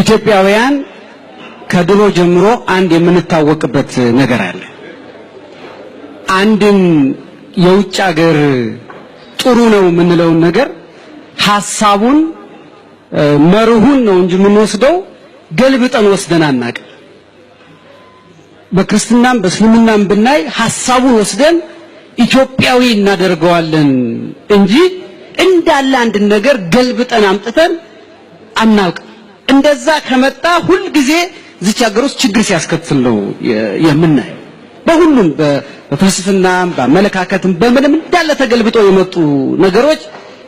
ኢትዮጵያውያን ከድሮ ጀምሮ አንድ የምንታወቅበት ነገር አለ። አንድን የውጭ ሀገር ጥሩ ነው የምንለውን ነገር ሀሳቡን መርሁን ነው እንጂ የምንወስደው ገልብጠን ወስደን አናቀ። በክርስትናም በእስልምናም ብናይ ሀሳቡን ወስደን ኢትዮጵያዊ እናደርገዋለን እንጂ እንዳለ አንድን ነገር ገልብጠን አምጥተን አናውቅም። እንደዛ ከመጣ ጊዜ እዚች ሀገር ውስጥ ችግር ሲያስከትል ነው የምናየው። በሁሉም በፍልስፍናም በአመለካከትም በምንም እንዳለ ተገልብጦ የመጡ ነገሮች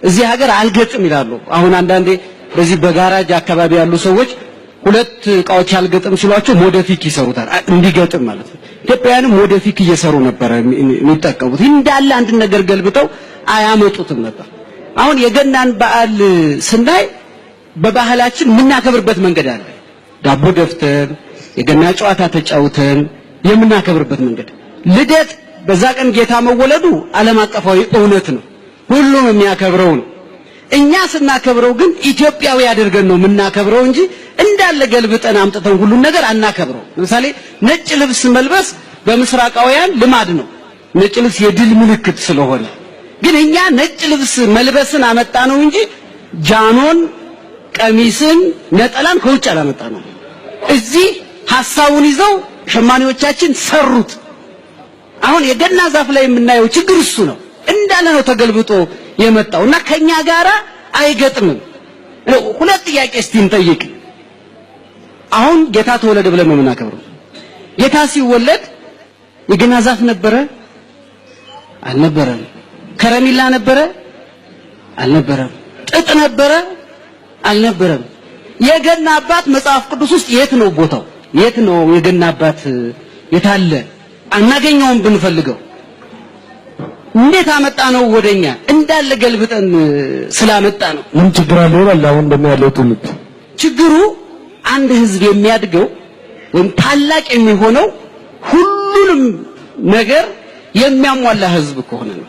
እዚህ ሀገር አልገጥም ይላሉ። አሁን አንዳንዴ በዚህ በጋራጅ አካባቢ ያሉ ሰዎች ሁለት እቃዎች አልገጥም ሲሏቸው ሞደፊክ ይሰሩታል፣ እንዲገጥም ማለት ነው። ኢትዮጵያውያንም ሞደፊክ እየሰሩ ነበረ የሚጠቀሙት። እንዳለ አንድ ነገር ገልብጠው አያመጡትም ነበር። አሁን የገናን በዓል ስናይ በባህላችን የምናከብርበት መንገድ አለ። ዳቦ ደፍተን የገና ጨዋታ ተጫውተን የምናከብርበት መንገድ ልደት በዛ ቀን ጌታ መወለዱ ዓለም አቀፋዊ እውነት ነው። ሁሉም የሚያከብረው ነው። እኛ ስናከብረው ግን ኢትዮጵያዊ አድርገን ነው የምናከብረው እንጂ እንዳለ ገልብጠን አምጥተን ሁሉን ነገር አናከብረው። ለምሳሌ ነጭ ልብስ መልበስ በምስራቃውያን ልማድ ነው። ነጭ ልብስ የድል ምልክት ስለሆነ ግን እኛ ነጭ ልብስ መልበስን አመጣ ነው እንጂ ጃኖን ቀሚስን፣ ነጠላን ከውጭ አላመጣ ነው። እዚህ ሀሳቡን ይዘው ሸማኔዎቻችን ሰሩት። አሁን የገና ዛፍ ላይ የምናየው ችግር እሱ ነው እንዳለ ነው ተገልብጦ የመጣው እና ከኛ ጋራ አይገጥምም። ሁለት ጥያቄ እስቲ እንጠይቅ። አሁን ጌታ ተወለደ ብለን ነው የምናከብረው። ጌታ ሲወለድ የገና ዛፍ ነበረ አልነበረም? ከረሚላ ነበረ አልነበረም? ጥጥ ነበረ አልነበረም። የገና አባት መጽሐፍ ቅዱስ ውስጥ የት ነው ቦታው? የት ነው የገና አባት የታለ? አናገኘውም። ብንፈልገው እንዴት አመጣ ነው ወደኛ? እንዳለ ገልብጠን ስላመጣ ነው። ምን ችግር አለ ይላል። አሁን እንደሚያለው ትውልድ ችግሩ አንድ ህዝብ የሚያድገው ወይም ታላቅ የሚሆነው ሁሉንም ነገር የሚያሟላ ህዝብ ከሆነ ነው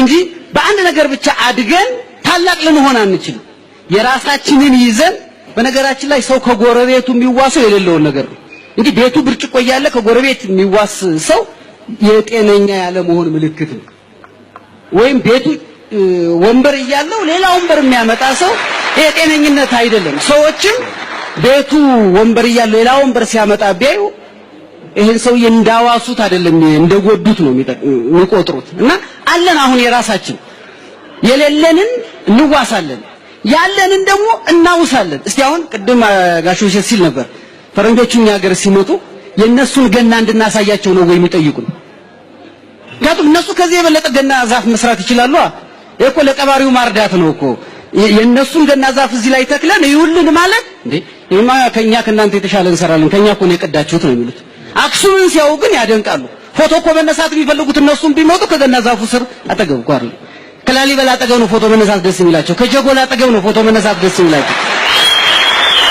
እንጂ በአንድ ነገር ብቻ አድገን ታላቅ ልንሆን አንችልም። የራሳችንን ይዘን በነገራችን ላይ ሰው ከጎረቤቱ የሚዋሰው የሌለውን ነገር ነው። እንግዲህ ቤቱ ብርጭቆ እያለ ከጎረቤት የሚዋስ ሰው የጤነኛ ያለ መሆን ምልክት ነው። ወይም ቤቱ ወንበር እያለው ሌላ ወንበር የሚያመጣ ሰው የጤነኝነት አይደለም። ሰዎችም ቤቱ ወንበር እያለው ሌላ ወንበር ሲያመጣ ቢያዩ ይሄን ሰውዬ እንዳዋሱት አይደለም እንደጎዱት ነው የሚቆጥሩት። እና አለን አሁን የራሳችን የሌለንን እንዋሳለን። ያለንን ደግሞ እናውሳለን። እስቲ አሁን ቅድም ጋሽ ውሸት ሲል ነበር ፈረንጆቹ እኛ ሀገር ሲመጡ የእነሱን ገና እንድናሳያቸው ነው ወይ የሚጠይቁን? ምክንያቱም እነሱ ከዚህ የበለጠ ገና ዛፍ መስራት ይችላሉ። እኮ ለቀባሪው ማርዳት ነው እኮ የእነሱን ገና ዛፍ እዚህ ላይ ተክለን ይውልን ማለት እንዴ ይማ ከኛ ከእናንተ የተሻለ እንሰራለን ከኛ እኮ ነው የቀዳችሁት ነው የሚሉት። አክሱምን ሲያዩ ግን ያደንቃሉ። ፎቶ እኮ መነሳት የሚፈልጉት እነሱም ቢመጡ ከገና ዛፉ ስር አጠገብ ጓር ከላሊበላ አጠገብ ነው ፎቶ መነሳት ደስ የሚላቸው። ከጀጎል አጠገብ ነው ፎቶ መነሳት ደስ የሚላቸው።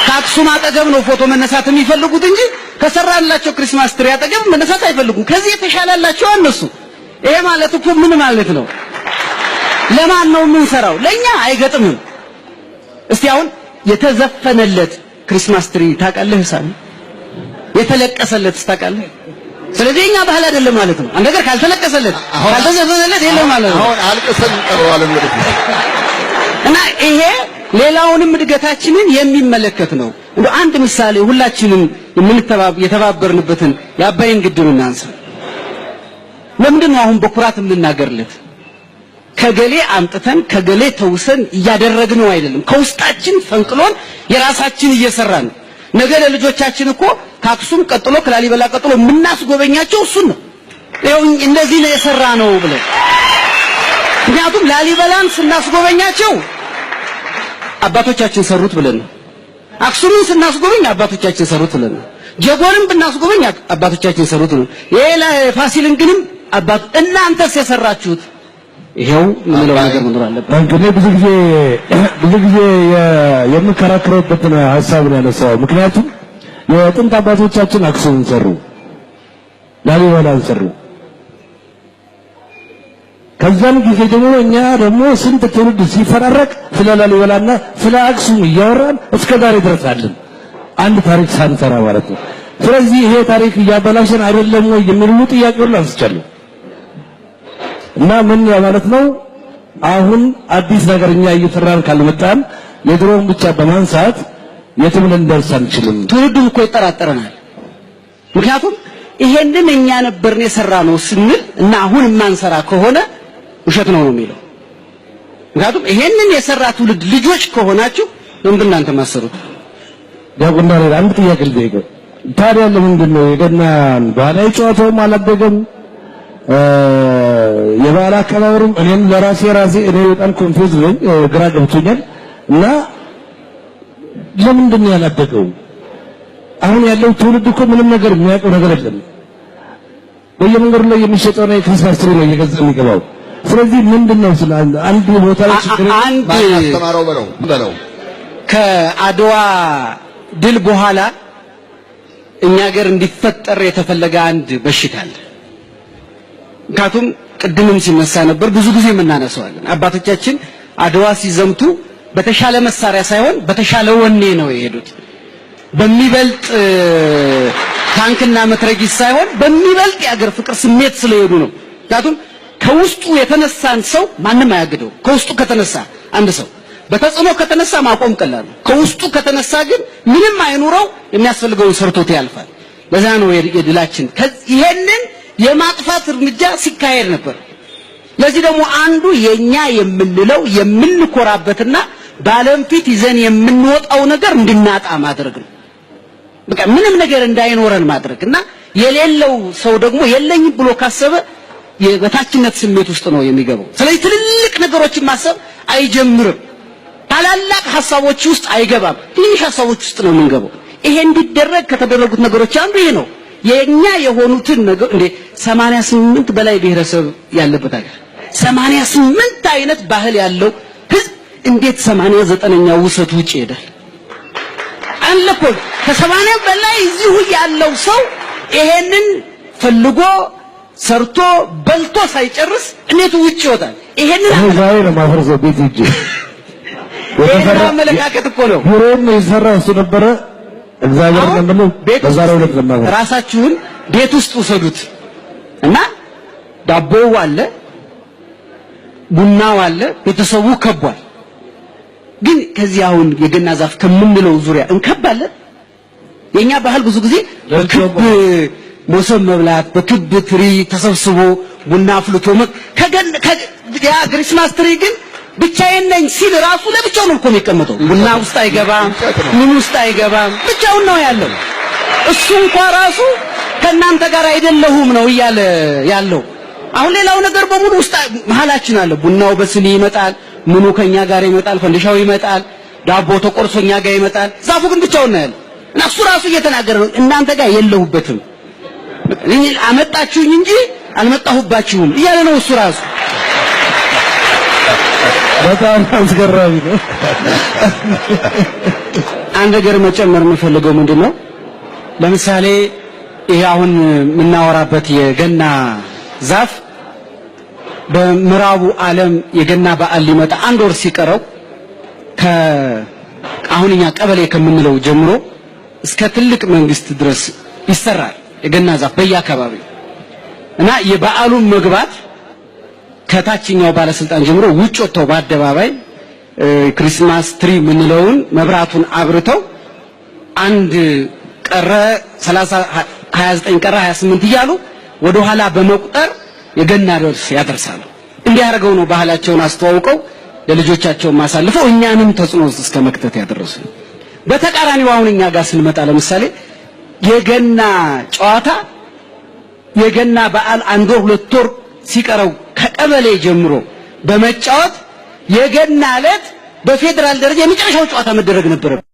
ከአክሱም አጠገብ ነው ፎቶ መነሳት የሚፈልጉት እንጂ ከሰራላቸው ክሪስማስ ትሪ አጠገብ መነሳት አይፈልጉም። ከዚህ የተሻላላቸው እነሱ። ይሄ ማለት እኮ ምን ማለት ነው? ለማን ነው የምንሰራው? ለኛ አይገጥምም። እስቲ አሁን የተዘፈነለት ክሪስማስ ትሪ ታውቃለህ? ሳሚ የተለቀሰለት ታውቃለህ? ስለዚህ እኛ ባህል አይደለም ማለት ነው። አንድ ነገር ካልተለቀሰለት ካልተዘፈነለት የለም ማለት ነው። አሁን አልቀሰን እንጠራዋለን ማለት ነው። እና ይሄ ሌላውንም እድገታችንን የሚመለከት ነው። እንደ አንድ ምሳሌ ሁላችንም የተባበርንበትን የአባይን ግድብ እናንሳ። ለምንድን ነው አሁን በኩራት የምንናገርለት? ከገሌ አምጥተን ከገሌ ተውሰን እያደረግነው አይደለም። ከውስጣችን ፈንቅሎን የራሳችን እየሰራን ነገ ለልጆቻችን እኮ ካክሱም ቀጥሎ ከላሊበላ ቀጥሎ የምናስጎበኛቸው እሱን ነው። ይኸው እንደዚህ ነው የሰራ ነው ብለ ምክንያቱም ላሊበላን ስናስጎበኛቸው አባቶቻችን ሰሩት ብለን ነው። አክሱምን ስናስጎበኝ አባቶቻችን ሰሩት ብለን ነው። ጀጎልም ብናስጎበኝ አባቶቻችን ሰሩት ነው። የላ ፋሲልን ግንም አባት እናንተስ የሰራችሁት ይሄው ምንለው ነገር መኖር አለበት። እኔ ብዙ ጊዜ ብዙ ጊዜ የምከራከረበት ሀሳብ ነው ያነሳው ምክንያቱም የጥንት አባቶቻችን አክሱምን ሰሩ፣ ላሊበላን ሰሩ። ከዛን ጊዜ ደግሞ እኛ ደግሞ ስንት ትውልድ ሲፈራረቅ ስለ ላሊበላና ስለ አክሱም እያወራን እስከ ዛሬ ድረሳለን አንድ ታሪክ ሳንሰራ ማለት ነው። ስለዚህ ይሄ ታሪክ እያበላሸን አይደለም ወይ የሚሉ ጥያቄውን አንስቻለሁ እና ምን ማለት ነው አሁን አዲስ ነገር እኛ እየሰራን ካልመጣን የድሮውን ብቻ በማንሳት የትም ልንደርስ አንችልም። ትውልዱም እኮ ይጠራጠረናል። ምክንያቱም ይሄንን እኛ ነበርን የሰራ ነው ስንል እና አሁን የማንሰራ ከሆነ ውሸት ነው ነው የሚለው። ምክንያቱም ይሄንን የሰራ ትውልድ ልጆች ከሆናችሁ ለምንድን እናንተ ማሰሩት? ደግሞና ዳንኤል አንድ ጥያቄ ልጠይቅህ። ታዲያ ለምንድን ነው የገናን ባህላዊ ጨዋታውም አላደገም? የበዓል አከባበሩም እኔም ለራሴ ራሴ እኔ በጣም ኮንፊውዝ ነኝ፣ ግራ ገብቶኛል እና ለምንድን ነው ያላደገው? አሁን ያለው ትውልድ እኮ ምንም ነገር የሚያውቀው ነገር የለም። በየመንገዱ ላይ የሚሸጠው ነው ከሳስሩ ነው እየገዛ የሚገባው። ስለዚህ ምንድን ስለ አንድ ቦታ ላይ ችግር አንድ ተማራው በለው በለው ከአድዋ ድል በኋላ እኛ ሀገር እንዲፈጠር የተፈለገ አንድ በሽታ አለ። ምክንያቱም ቅድምም ሲነሳ ነበር ብዙ ጊዜ የምናነሳዋለን አባቶቻችን አድዋ ሲዘምቱ በተሻለ መሳሪያ ሳይሆን በተሻለ ወኔ ነው የሄዱት። በሚበልጥ ታንክና መትረጊስ ሳይሆን በሚበልጥ የአገር ፍቅር ስሜት ስለሄዱ ነው። ምክንያቱም ከውስጡ የተነሳን ሰው ማንም አያግደው። ከውስጡ ከተነሳ አንድ ሰው በተጽዕኖ ከተነሳ ማቆም ቀላል ነው። ከውስጡ ከተነሳ ግን ምንም አይኑረው የሚያስፈልገውን ሰርቶት ያልፋል። ለዛ ነው የድላችን። ይሄንን የማጥፋት እርምጃ ሲካሄድ ነበር። ለዚህ ደግሞ አንዱ የኛ የምንለው የምንኮራበትና በዓለም ፊት ይዘን የምንወጣው ነገር እንድናጣ ማድረግ ነው። በቃ ምንም ነገር እንዳይኖረን ማድረግ እና የሌለው ሰው ደግሞ የለኝም ብሎ ካሰበ የበታችነት ስሜት ውስጥ ነው የሚገባው። ስለዚህ ትልልቅ ነገሮችን ማሰብ አይጀምርም። ታላላቅ ሀሳቦች ውስጥ አይገባም። ትንሽ ሀሳቦች ውስጥ ነው የምንገባው። ይሄ እንዲደረግ ከተደረጉት ነገሮች አንዱ ይሄ ነው። የኛ የሆኑትን ነገር እንዴ 88 በላይ ብሔረሰብ ያለበት ሀገር 88 አይነት ባህል ያለው እንዴት ሰማንያ ዘጠነኛ ውሰት ውጭ ይሄዳል? አለ እኮ ከሰማንያ በላይ እዚሁ ያለው ሰው ይሄንን ፈልጎ ሰርቶ በልቶ ሳይጨርስ እንዴት ውጭ ይወጣል? ይሄንን ነው ለማፈርዘ ቤት ይጂ ወተፈራ አመለካከት እኮ ነው። ቢሮም የሰራ እሱ ነበረ። እግዚአብሔር ደግሞ በዛሬው ዕለት ለማፈር ራሳችሁን ቤት ውስጥ ውሰዱት እና ዳቦው አለ ቡናው አለ ቤተሰቡ ከቧል። ግን ከዚህ አሁን የገና ዛፍ ከምንለው ዙሪያ እንከባለን። የኛ ባህል ብዙ ጊዜ በክብ ሞሰብ መብላት፣ በክብ ትሪ ተሰብስቦ ቡና አፍልቶ ያ ክሪስማስ ትሪ ግን ብቻዬን ነኝ ሲል ራሱ ለብቻው ነው እኮ የሚቀመጠው። ቡና ውስጥ አይገባም፣ ምን ውስጥ አይገባም፣ ብቻውን ነው ያለው። እሱ እንኳ ራሱ ከእናንተ ጋር አይደለሁም ነው እያለ ያለው። አሁን ሌላው ነገር በሙሉ ውስጥ መሀላችን አለ። ቡናው በስኒ ይመጣል። ምኑ ከኛ ጋር ይመጣል፣ ፈንድሻው ይመጣል፣ ዳቦ ተቆርሶ እኛ ጋር ይመጣል። ዛፉ ግን ብቻውን ነው ያለ እና እሱ ራሱ እየተናገረ ነው። እናንተ ጋር የለሁበትም አመጣችሁኝ እንጂ አልመጣሁባችሁም እያለ ነው እሱ ራሱ። በጣም አስገራሚ ነው። አንድ ነገር መጨመር የምፈልገው ምንድን ነው፣ ለምሳሌ ይሄ አሁን የምናወራበት የገና ዛፍ በምዕራቡ ዓለም የገና በዓል ሊመጣ አንድ ወር ሲቀረው ከአሁንኛ ቀበሌ ከምንለው ጀምሮ እስከ ትልቅ መንግስት ድረስ ይሰራል የገና ዛፍ በየአካባቢው እና የበዓሉን መግባት ከታችኛው ባለስልጣን ጀምሮ ውጭ ወጥተው በአደባባይ ክሪስማስ ትሪ የምንለውን መብራቱን አብርተው አንድ ቀረ 30 29 ቀረ 28 እያሉ ወደ ኋላ በመቁጠር የገና ደርስ ያደርሳሉ። እንዲያደርገው ነው ባህላቸውን አስተዋውቀው ለልጆቻቸውም አሳልፈው እኛንም ተጽዕኖ ውስጥ እስከ መክተት ያደረሱ። በተቃራኒው አሁን እኛ ጋር ስንመጣ ለምሳሌ የገና ጨዋታ የገና በዓል አንድ ወር ሁለት ወር ሲቀረው ከቀበሌ ጀምሮ በመጫወት የገና ዕለት በፌዴራል ደረጃ የመጨረሻው ጨዋታ መደረግ ነበረ።